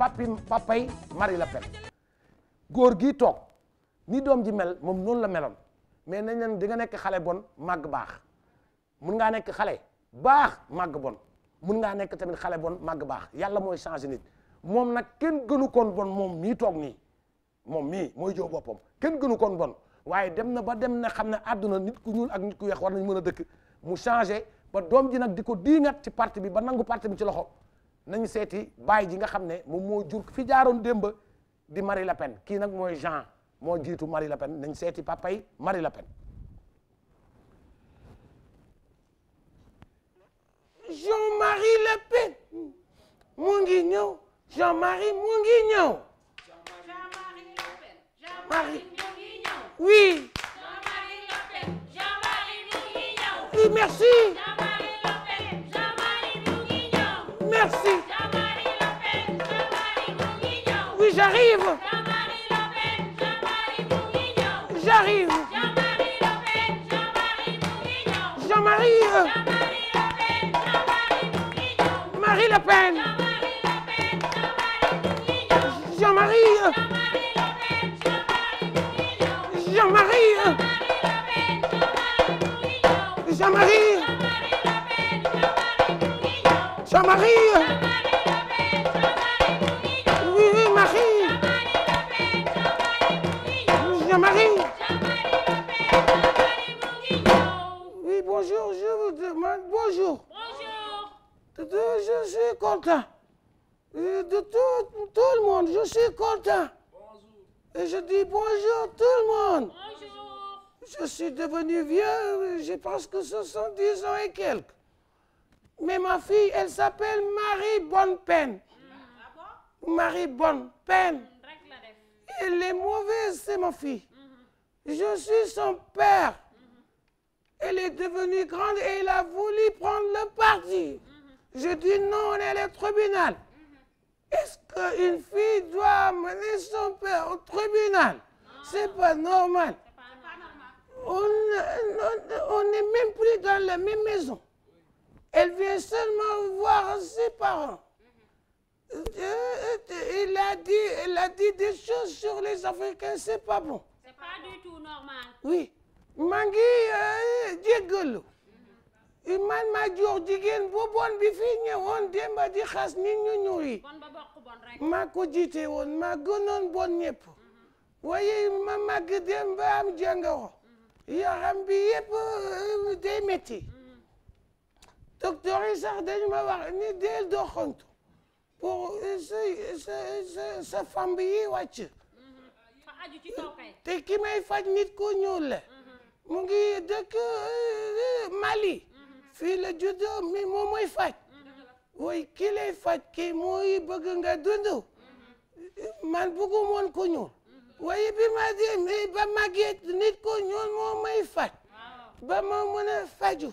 papi papay Marie Le Pen góor gii toog ni doom ji mel moom noonu la meloon mais nañ leen di nga nekk xale bon màgg baax mun ngaa nekk xale baax màgg bon mun ngaa nekk tamit xale bon màgg baax yàlla mooy changé nit moom na kenn gënu koon bon moom mii toog nii moom mii mooy jow boppam kenn gënu koon bon waaye dem na ba dem na xam ne àdduna nit ku ñuul ak nit ku weex war nañ mën a dëkk mu changé ba doom ji nag di ko diingat ci parti bi ba nangu parti bi ci loxo nañu seeti baay ji nga xam ne moom moo jur fi jaaroon démb di Marie Le Pen kii nag mooy Jean moo jiitu Marie Le Pen nañ seeti papay mari Le Pen Jean-Marie Le Pen mu ngi Jean-Marie mu ngi ñëw merci merci. Oui, j'arrive. J'arrive. Jean-Marie. Euh, Marie Le Pen. Jean-Marie. Euh, Jean-Marie. Euh, Jean-Marie. مخي bonjour, je vous demande bonjour. Je suis content. De tout, le monde, je suis content. Et je dis bonjour tout le monde. Je suis devenu vieux, je pense que ce sont ans et quelques. mais ma fille elle s'appelle Marie Bonnepeine ah Marie Bonnepeine elle est mauvaise c'est ma fille mhm. je suis son père mhm. elle est devenue grande et elle a voulu prendre le parti mhm. je dis non on tribunal est-ce qu'une fille doit amener son père au tribunal c'est pas normal on n'est même plus dans la même maison Elle vient seulement voir ses parents. Euh, euh, il a dit, il a choses sur les Africains, c'est pas bon. C'est pas du tout normal. man euh, ma jox jigéen bu bon bi fii ñëwoon démba di xas nit ñu yi. maa ko jiite woon maa gënoon bon ñëpp. waaye ma màgg démba am jàngoro. yoo xam bi yëpp day métti. docteur yi sax dañ wax ni deel doxantu sa sa yi wàcc te ki faj nit ku ñuul la mu ngi dëkk Mali fii la juddoo mi moom faj way ki faj kii mooy bëgg nga dund man bëggu moon ku ñuul waaye bi ma di ba màggee nit ku ñuul moo faj ba ma mën faju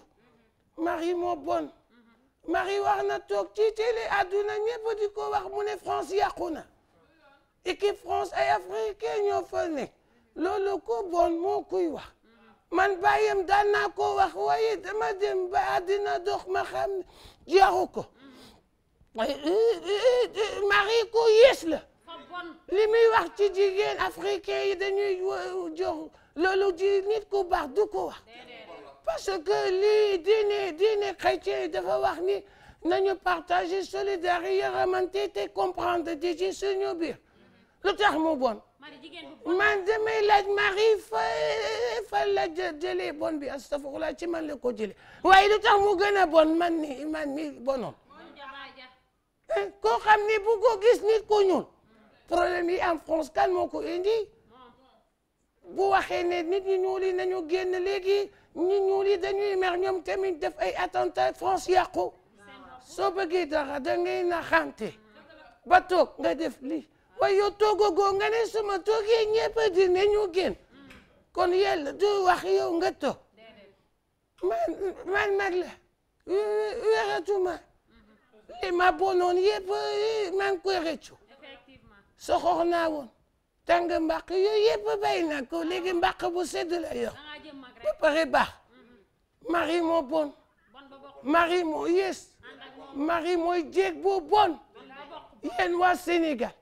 Marie moo bon Marie wax na toog ci télé àdduna ñëpp di ko wax mu ne France yàqu na équipe France africain ñoo fa nekk loolu ko bon moo kuy wax man bàyyam daan ko wax waaye dama dem ba àddina dox ma xam jaru ko Marie ko yées la li muy wax ci jigéen africain yi dañuy jox loolu ji nit ku baax du ko wax parce que lii diine diine chrétien yi dafa wax ni nañu partager solidarité yërmande te comprendre di ci suñu biir lu tax mu bon man damay laaj Marie fa fa la jëlee bon bi astafurlah ci man la ko jëlee waaye lu tax mu gën bon man ni man mi bonoon eh, koo xam ni bu ko gis nit ku ñuul problème yi en France kan moo indi bu waxee ne nit ñu ñuul yi nañu génn léegi ñu ñuul yi dañuy mer ñoom def ay attentat France yàqu soo bëggee dara da ngay naxante ba toog nga def li waaye yow toogagoo nga ne suma toogee ñëpp di ne ñu génn kon yàlla du wax yow nga toog man man mag la wératuma li ma bonoon yëpp maa ngi koy rëccu soxor naa woon tàng mbaq yooyu yëpp bay na ko léegi mbaq bu sedd la yor ba pare baax mhm. mari moo bon mari moo yées mari mooy jéeg boo bon yéen waa Sénégal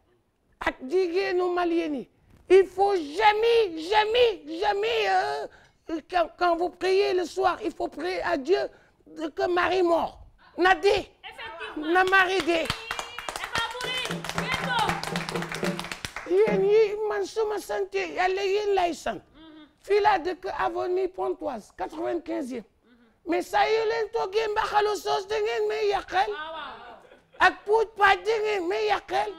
ak jigéenu malien yi il faut jamais jamais jamais euh, quand vous priez le soir il faut prier à Dieu que mari mort na dee na mari dee yéen yi man suma sante yàlla yéen lay sant fii laa dëkk avenue Pontoise quatre-vingt-quinzième mais saa yu leen toggee mbaxalu soos da ngeen may yàqal ak puuj paaj da ngeen may yàqal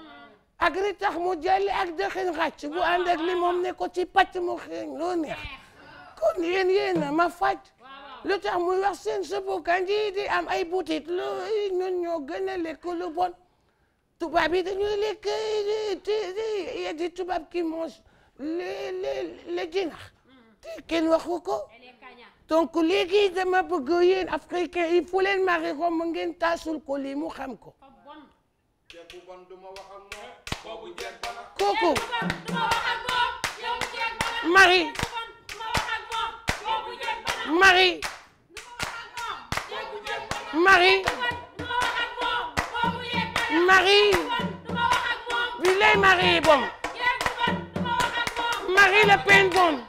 ak ritax mu jàlli ak dëxin xàcc bu ànd li moom ne ko ci pàcc mu xeeñ loo neex kon yéen yéen a ma faj lu tax muy wax seen sëppu kanji di am ay butit lu ñun ñoo gën le lekk lu bon tubaab yi dañu lekk y a des tubaab qui le le le jinax te mm-hmm. kenn waxu ko donc léegi dama bëgg yéen africain il faut leen mari ko mu ngeen taasul ko lii mu xam ko kooku mari mari mari Marie bi lay Marie bon Marie Le Pen bon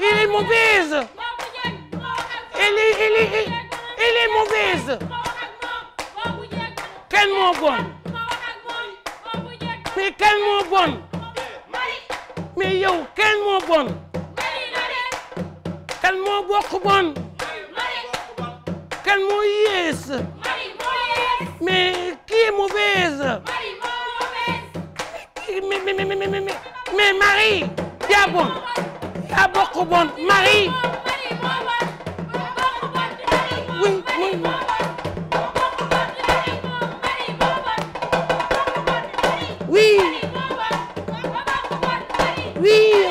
elle est mauvaise elle est elle est elle est mauvaise kan moo bon mais kan moo bon mais yow kan moo bon kan moo bokk bon kan moo yées Mais qui est mauvaise Marie, mauvaise Mais, mais, mais, mais, mais, mais, bon yaa bokk bon Marie Oui, oui, oui.